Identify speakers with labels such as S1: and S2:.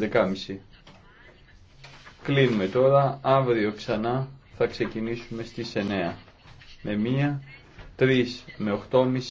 S1: 10.30. Κλείνουμε τώρα. Αύριο ξανά θα ξεκινήσουμε στις 9. Με 1, 3 με